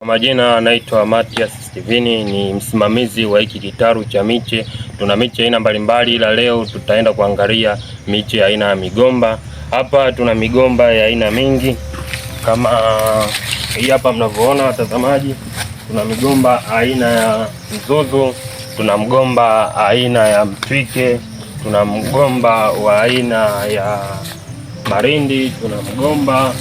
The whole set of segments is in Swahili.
Kwa majina anaitwa Matias Stevini, ni msimamizi wa hiki kitaru cha miche. Tuna miche aina mbalimbali, ila leo tutaenda kuangalia miche aina ya migomba. Hapa tuna migomba ya aina mingi kama hii hapa mnavyoona watazamaji, tuna migomba aina ya mzozo, tuna mgomba aina ya mtwike, tuna mgomba wa aina ya marindi, tuna mgomba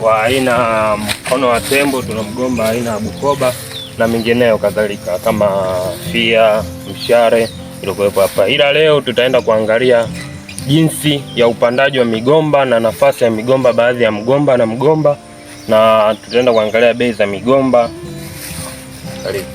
wa aina mfano wa tembo tuna mgomba aina ya Bukoba na mingineyo kadhalika kama fia, mshare ilikuwepo hapa, ila leo tutaenda kuangalia jinsi ya upandaji wa migomba na nafasi ya migomba, baadhi ya mgomba na mgomba, na tutaenda kuangalia bei za migomba. Karibu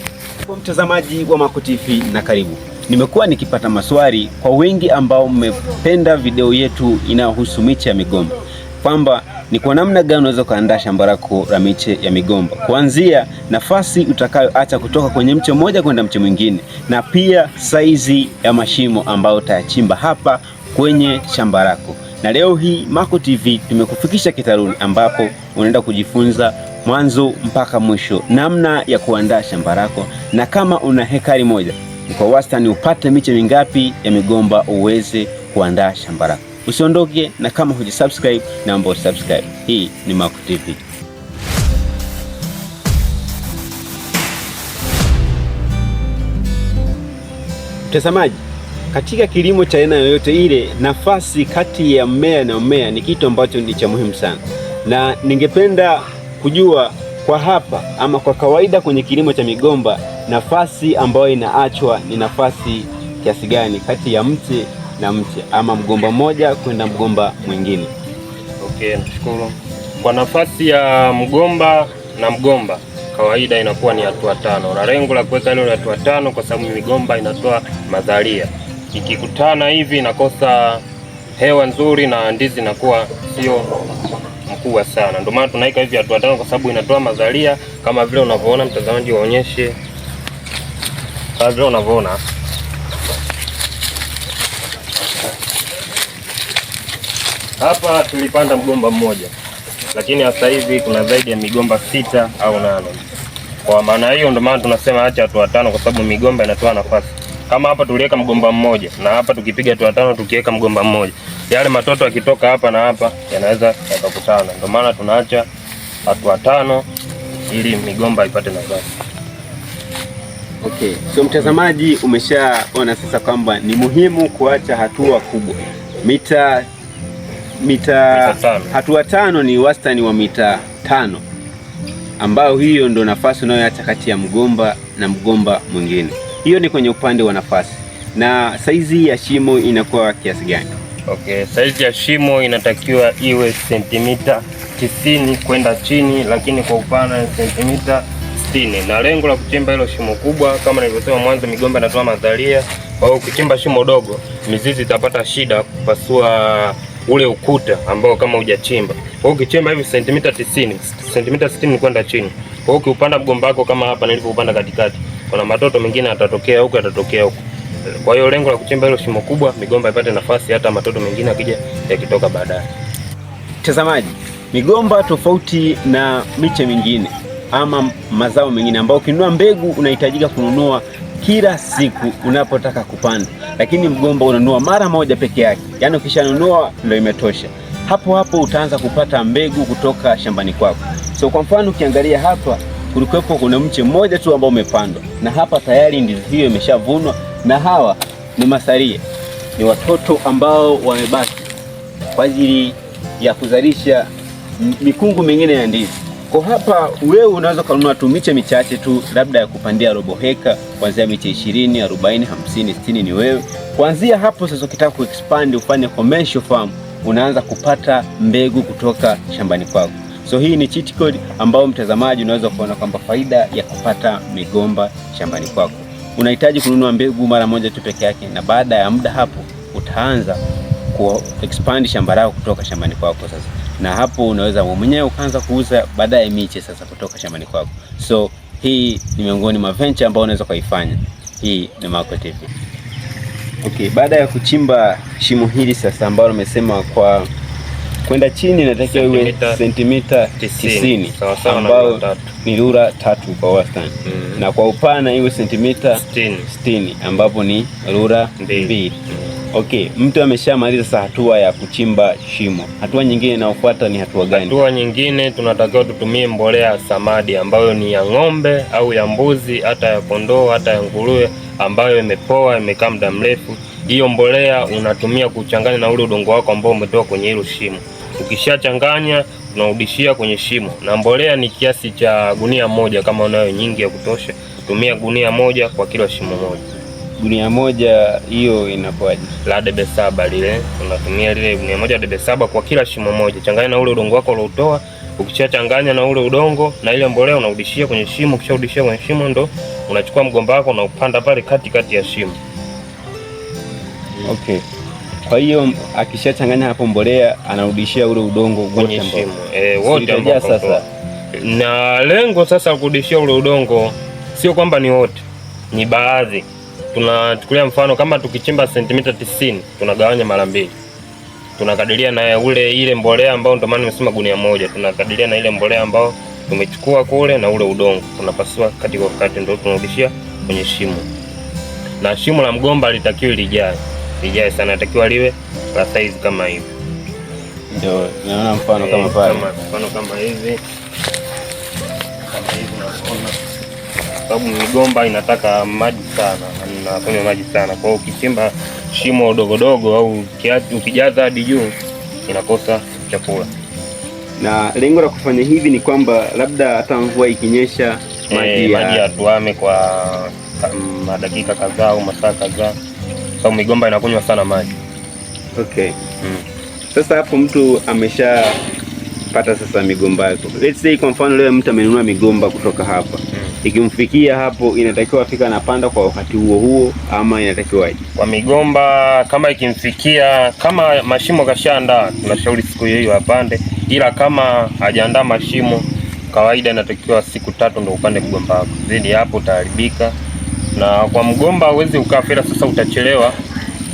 mtazamaji wa Maco TV na karibu. Nimekuwa nikipata maswali kwa wengi ambao mmependa video yetu inayohusu miche ya migomba kwamba ni kwa namna gani unaweza ukaandaa shamba lako la miche ya migomba, kuanzia nafasi utakayoacha kutoka kwenye mche mmoja kwenda mche mwingine, na pia saizi ya mashimo ambayo utayachimba hapa kwenye shamba lako. Na leo hii Maco TV tumekufikisha kitaruni, ambapo unaenda kujifunza mwanzo mpaka mwisho namna ya kuandaa shamba lako, na kama una hekari moja, kwa wastani upate miche mingapi ya migomba uweze kuandaa shamba lako. Usiondoke, na kama hujisubscribe, naomba usubscribe. Hii ni Maco TV. Mtazamaji, katika kilimo cha aina yoyote ile, nafasi kati ya mmea na mmea ni kitu ambacho ni cha muhimu sana, na ningependa kujua kwa hapa ama kwa kawaida kwenye kilimo cha migomba, nafasi ambayo inaachwa ni nafasi kiasi gani kati ya mti na mche ama mgomba mmoja kwenda mgomba mwingine. Okay, nashukuru. Kwa nafasi ya mgomba na mgomba kawaida inakuwa ni hatua tano, na lengo la kuweka hilo hatua tano kwa sababu migomba inatoa madharia, ikikutana hivi inakosa hewa nzuri na ndizi inakuwa sio mkubwa sana. Ndio maana tunaika hivi hatua tano kwa sababu inatoa madharia kama vile unavyoona mtazamaji, waonyeshe kama vile unavyoona Hapa tulipanda mgomba mmoja, lakini sasa hivi kuna zaidi ya migomba sita au nane. Kwa maana hiyo ndio maana tunasema acha hatua tano, kwa sababu migomba inatoa nafasi. Kama hapa tuliweka mgomba mmoja na hapa tukipiga hatua watano, tukiweka mgomba mmoja, yale matoto yakitoka hapa na hapa yanaweza yakakutana. Ndio maana tunaacha hatua tano ili migomba ipate nafasi. Okay. So mtazamaji, umeshaona sasa kwamba ni muhimu kuacha hatua kubwa mita mita, mita hatua tano ni wastani wa mita tano ambayo hiyo ndo nafasi unayoacha kati ya mgomba na mgomba mwingine. Hiyo ni kwenye upande wa nafasi. Na saizi ya shimo inakuwa kiasi gani? Okay, saizi ya shimo inatakiwa iwe sentimita tisini kwenda chini, lakini kwa upana ni sentimita sitini, na lengo la kuchimba hilo shimo kubwa, kama nilivyosema mwanzo, migomba inatoa madharia. Kwa hiyo ukichimba shimo dogo, mizizi itapata shida kupasua ule ukuta ambao kama hujachimba. Kwa hiyo ukichimba hivi sentimita 90, sentimita 60 kwenda chini. Kwa hiyo ukiupanda mgomba wako kama hapa nilivyoupanda katikati, kuna matoto mengine yatatokea huko yatatokea huko. Kwa hiyo lengo la kuchimba hilo shimo kubwa, migomba ipate nafasi, hata matoto mengine akija yakitoka baadaye. Mtazamaji, migomba tofauti na miche mingine ama mazao mengine ambayo ukinunua mbegu unahitajika kununua kila siku unapotaka kupanda, lakini mgomba unanunua mara moja peke yake. Yaani ukishanunua ndio imetosha, hapo hapo utaanza kupata mbegu kutoka shambani kwako. So kwa mfano ukiangalia hapa kulikuwepo kuna mche mmoja tu ambao umepandwa, na hapa tayari ndizi hiyo imeshavunwa, na hawa ni masalia, ni watoto ambao wamebaki kwa ajili ya kuzalisha mikungu mingine ya ndizi. Kwa hapa wewe unaweza kununua tu miche michache tu labda ya kupandia robo heka kuanzia miche 20, 40, 50, 60 ni wewe. Kuanzia hapo sasa ukitaka kuexpand ufanye commercial farm unaanza kupata mbegu kutoka shambani kwako. So hii ni cheat code ambayo mtazamaji unaweza kuona kwamba faida ya kupata migomba shambani kwako. Unahitaji kununua mbegu mara moja tu peke yake na baada ya muda hapo utaanza ku expand shamba lako kutoka shambani kwako sasa na hapo unaweza mwenyewe ukaanza kuuza baadaye miche sasa kutoka shambani kwako. So hii ni miongoni mwa venture ambayo unaweza ukaifanya. Hii ni Maco TV. Okay, baada ya kuchimba shimo hili sasa ambalo umesema kwa kwenda chini natakiwa iwe sentimita 90 ambayo ni lura tatu kwa wastani mm, na kwa upana iwe sentimita 60 ambapo ni lura mbili. Okay, mtu ameshamaliza sasa hatua ya kuchimba shimo, hatua nyingine inayofuata ni hatua gani? Hatua nyingine tunatakiwa tutumie mbolea ya samadi ambayo ni ya ng'ombe au ya mbuzi, hata ya kondoo, hata ya nguruwe, ambayo imepoa, imekaa muda mrefu. Hiyo mbolea unatumia kuchanganya na ule udongo wako ambao umetoa kwenye hilo shimo. Ukishachanganya unarudishia kwenye shimo, na mbolea ni kiasi cha gunia moja. Kama unayo nyingi ya kutosha, tumia gunia moja kwa kila shimo moja gunia moja hiyo inakuwaje? La debe saba lile unatumia lile gunia moja debe saba kwa kila shimo moja, changanya na ule udongo wako uliotoa. Ukishachanganya na ule udongo na ile mbolea unarudishia kwenye shimo. Ukisharudishia kwenye shimo, ndo unachukua mgomba wako na upanda pale kati kati ya shimo. Okay, kwa hiyo akishachanganya hapo mbolea anarudishia ule udongo kwenye shimo eh, wote sasa. Na lengo sasa kurudishia ule udongo sio kwamba ni wote, ni baadhi tunachukulia mfano kama tukichimba sentimita tisini tunagawanya mara mbili, tunakadiria na ule ile mbolea ambao ndio maana nimesema gunia moja, tunakadiria na ile mbolea ambao tumechukua kule na ule udongo tunapasua kati kwa kati, ndio tunarudishia kwenye shimo. Na shimo la mgomba litakiwa lijae lijae sana, litakiwa liwe la size kama hivi, ndio naona mfano kama pale, mfano kama hivi, kama hivi na sababu migomba inataka maji sana na kunywa maji sana. Kwa hiyo ukichimba shimo dogodogo au ukijaza hadi juu inakosa chakula. Na lengo la kufanya hivi ni kwamba labda hata mvua ikinyesha eh, maji yatuame kwa madakika kadhaa au masaa kadhaa, sababu migomba inakunywa sana maji. Okay. Mm. Sasa hapo mtu ameshapata sasa migomba yako. Let's say kwa mfano leo mtu amenunua migomba kutoka hapa ikimfikia hapo, inatakiwa afika anapanda kwa wakati huo huo ama inatakiwaje? Kwa migomba kama ikimfikia, kama mashimo kashaandaa, tunashauri siku hiyo hiyo apande, ila kama hajaandaa mashimo, kawaida inatakiwa siku tatu ndio upande mgomba wako, zidi hapo utaharibika. Na kwa mgomba huwezi ukafela, sasa utachelewa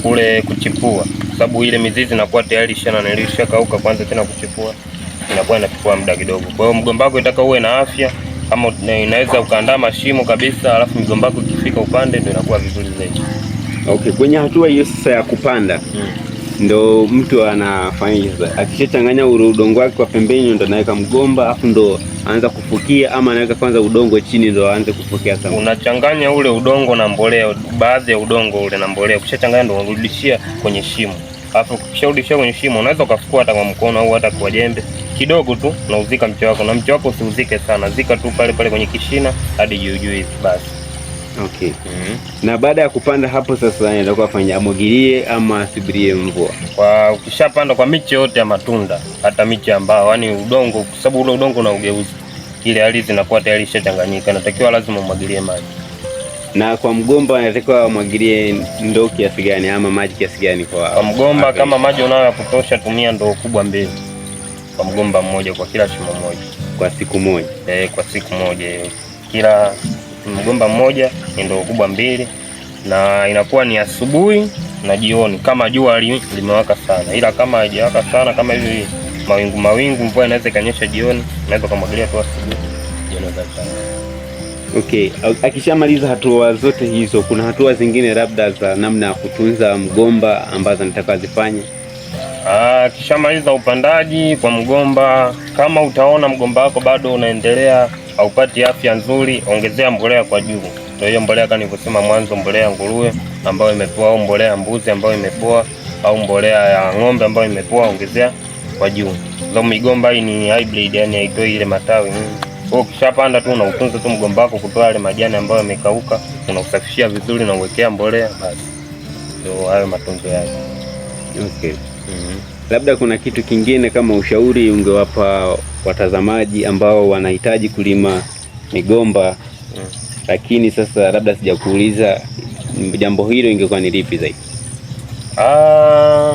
kule kuchipua, sababu ile mizizi inakuwa tayari ishana kauka, kwanza tena kuchipua inakuwa inachukua muda kidogo. Kwa hiyo mgomba wako inataka uwe na afya kama inaweza ukaandaa mashimo kabisa, alafu migomba yako ikifika upande ndio inakuwa vizuri zaidi. Okay, kwenye hatua hiyo sasa ya kupanda hmm, ndo mtu anafanya akishachanganya udongo wake kwa pembeni, ndo anaweka mgomba afu ndo anaanza kufukia, ama anaweka kwanza udongo chini ndo aanze kufukia sana. Unachanganya ule udongo na mbolea, baadhi ya udongo ule na mbolea, ukishachanganya ndo unarudishia kwenye shimo, alafu ukisharudishia kwenye shimo unaweza ukafukua hata kwa mkono au hata kwa jembe kidogo tu uzika mche wako, na mche wako usiuzike sana, zika tu pale pale kwenye kishina hadi juu juu hivi basi. Okay. Mm -hmm. Na baada ya kupanda hapo sasa nitakuwa fanya amwagilie ama subirie mvua? Kwa ukishapanda kwa miche yote ya matunda, hata miche ambao yani udongo, kwa sababu ule udongo ugeuzi ile ardhi inakuwa tayari ishachanganyika, natakiwa lazima umwagilie maji. Na kwa mgomba inatakiwa umwagilie ndoo kiasi gani ama maji kiasi gani? Kwa, kwa mgomba kama maji unayo ya kutosha, tumia ndoo kubwa mbili kwa mgomba mmoja kwa kila shimo moja kwa siku moja eh, kwa siku moja Kila mgomba mmoja ni ndoo kubwa mbili, na inakuwa ni asubuhi na jioni kama jua li, limewaka sana, ila kama haijawaka sana kama hivi mawingu mawingu, mvua inaweza ikanyesha jioni, naweza kumwagilia tu asubuhi. Okay, akishamaliza hatua zote hizo, kuna hatua zingine labda za namna ya kutunza mgomba ambazo nataka zifanye Akishamaliza ah, upandaji kwa mgomba, kama utaona mgomba wako bado unaendelea haupati afya nzuri, ongezea mbolea kwa juu. Ndio hiyo mbolea kama nilivyosema mwanzo, mbolea nguruwe ambayo imepoa au mbolea mbuzi ambayo imepoa au mbolea ya ng'ombe ambayo imepoa, ongezea kwa juu. Ndio migomba hii ni hybrid, yani haitoi ile matawi. Kwa ukishapanda tu utunze tu mgomba wako kutoa yale majani ambayo yamekauka, unausafishia vizuri na uwekea mbolea, basi ndio hayo matunzo yake. Okay. -hmm. Labda kuna kitu kingine kama ushauri ungewapa watazamaji ambao wanahitaji kulima migomba mm. Lakini sasa labda sijakuuliza jambo hilo ingekuwa ni lipi zaidi? Ah,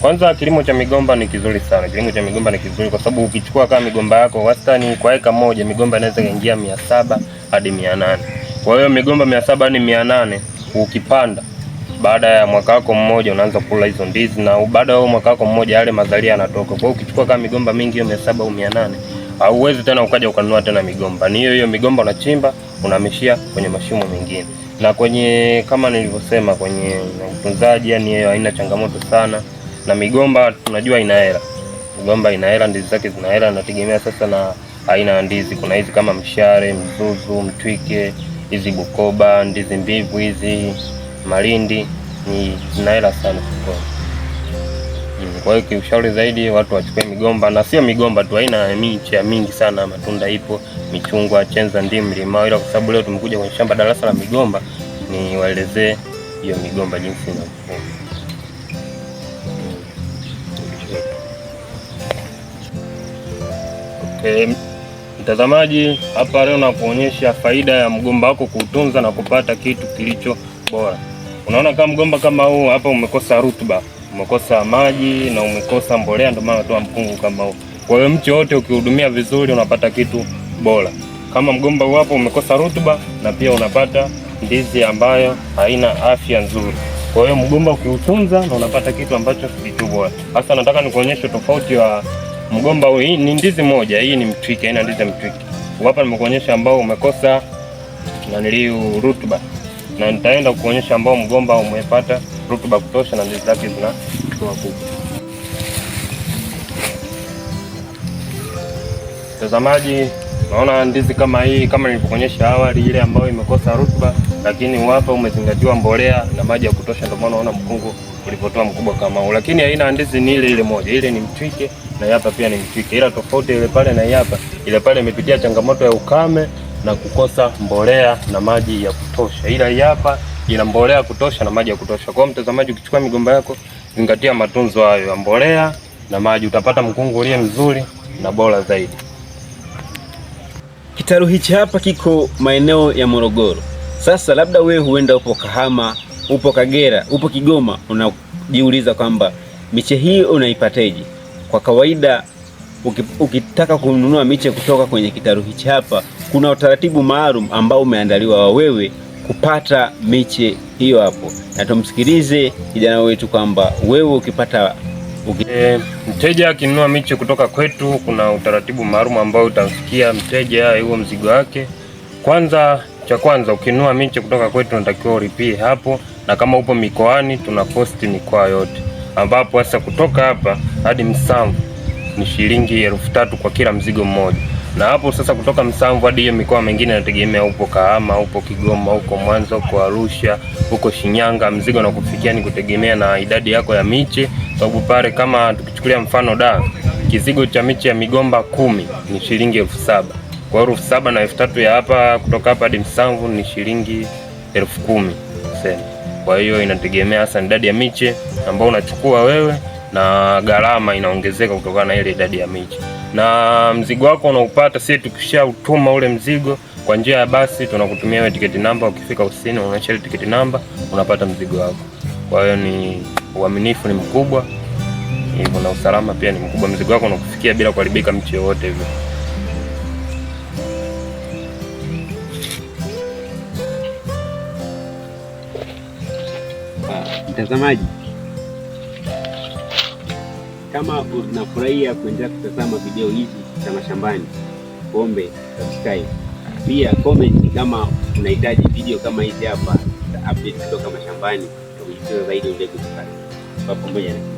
kwanza kilimo cha migomba ni kizuri sana. Kilimo cha migomba ni kizuri kwa sababu ukichukua kama migomba yako wastani kwa eka moja migomba inaweza kaingia mia saba hadi mia nane. Kwa hiyo migomba mia saba hadi mia nane ukipanda baada ya mwaka wako mmoja unaanza kula hizo ndizi, na baada ya mwaka wako mmoja yale mazalia yanatoka. Kwa hiyo ukichukua kama migomba mingi hiyo mia saba au mia nane hauwezi tena ukaja ukanunua tena migomba, ni hiyo hiyo migomba unachimba unahamishia kwenye mashimo mengine. Na kwenye kama nilivyosema, kwenye utunzaji, yani hiyo haina changamoto sana, na migomba tunajua ina hela, migomba ina hela, ndizi zake zina hela. Nategemea sasa na aina ya ndizi, kuna hizi kama mshare, mzuzu, mtwike, hizi Bukoba, ndizi mbivu hizi Malindi ni zina hela sana sokoni. Mm, kwa hiyo kiushauri zaidi watu wachukue migomba na sio migomba tu, aina ya miche mingi sana, matunda ipo, michungwa, chenza, ndimu, limao, ila kwa sababu leo tumekuja kwenye shamba darasa la migomba, ni waelezee hiyo migomba jinsi inavyofanya. Okay. Mtazamaji, hapa leo nakuonyesha faida ya mgomba wako kuutunza na kupata kitu kilicho bora. Unaona, kama mgomba kama huu hapa umekosa rutuba, umekosa maji na umekosa mbolea, ndio maana toa mkungu kama huu. Kwa hiyo mche wote ukihudumia vizuri unapata kitu bora. Kama mgomba huu hapa umekosa rutuba, na pia unapata ndizi ambayo haina afya nzuri. Kwa hiyo mgomba ukiutunza, na unapata kitu ambacho kitu bora. Sasa nataka nikuonyeshe tofauti wa mgomba huu. Hii ni ndizi moja, hii ni mtwiki, aina ndizi mtwiki. Hapa nimekuonyesha ambao umekosa naniliu rutuba na nitaenda kuonyesha ambao mgomba umepata rutuba kutosha na ndizi zake zinatoa kubwa. Mtazamaji, naona ndizi kama hii, kama nilivyokuonyesha awali, ile ambayo imekosa rutuba, lakini uhapa umezingatiwa mbolea na maji ya kutosha, ndio maana unaona mkungu ulivyotoa mkubwa kama huu. Lakini aina ya ndizi ni ile ile moja, ile ni mtwike na hapa pia ni mtwike, ila tofauti ile pale na hapa, ile pale imepitia changamoto ya ukame na kukosa mbolea na maji ya kutosha, ila hii hapa ina mbolea ya kutosha na maji ya kutosha. Kwa mtazamaji, ukichukua migomba yako, zingatia matunzo hayo ya mbolea na maji, utapata mkungu ulio mzuri na bora zaidi. Kitalu hichi hapa kiko maeneo ya Morogoro. Sasa labda we huenda upo Kahama, upo Kagera, upo Kigoma, unajiuliza kwamba miche hii unaipateje? Kwa kawaida ukitaka kununua miche kutoka kwenye kitalu hichi hapa, kuna utaratibu maalum ambao umeandaliwa wewe kupata miche hiyo hapo, na tumsikilize kijana wetu kwamba wewe ukipata uki... E, mteja akinunua miche kutoka kwetu, kuna utaratibu maalum ambao utamfikia mteja huo mzigo wake. Kwanza, cha kwanza ukinunua miche kutoka kwetu unatakiwa ulipie hapo, na kama upo mikoani tuna posti mikoa yote, ambapo sasa kutoka hapa hadi Msamvu ni shilingi elfu tatu kwa kila mzigo mmoja, na hapo sasa kutoka Msamvu hadi hiyo mikoa mingine inategemea, upo Kahama, upo Kigoma, huko Mwanza, huko Arusha, huko Shinyanga, mzigo na kufikia ni kutegemea na idadi yako ya miche, sababu pale kama tukichukulia mfano da kizigo cha miche ya migomba kumi ni shilingi elfu saba kwa hiyo elfu saba na elfu tatu ya hapa kutoka hapa hadi Msamvu ni shilingi elfu kumi sema. Kwa hiyo inategemea hasa idadi ya miche ambayo unachukua wewe na gharama inaongezeka kutokana na ile idadi ya miche. na mzigo wako unaupata sisi tukishautuma ule mzigo kwa njia ya basi, tunakutumia wewe tiketi namba. Ukifika usini, unaonyesha ile tiketi namba, unapata mzigo wako. Kwa hiyo ni uaminifu ni mkubwa hivyo, na usalama pia ni mkubwa. Mzigo wako unakufikia bila kuharibika mche wote hivyo. Mtazamaji kama unafurahia kuendelea kutazama video hizi za mashambani, ombe subscribe. Pia comment kama unahitaji video kama hizi hapa za update kutoka mashambani, zaidi uendelee kwa pamoja na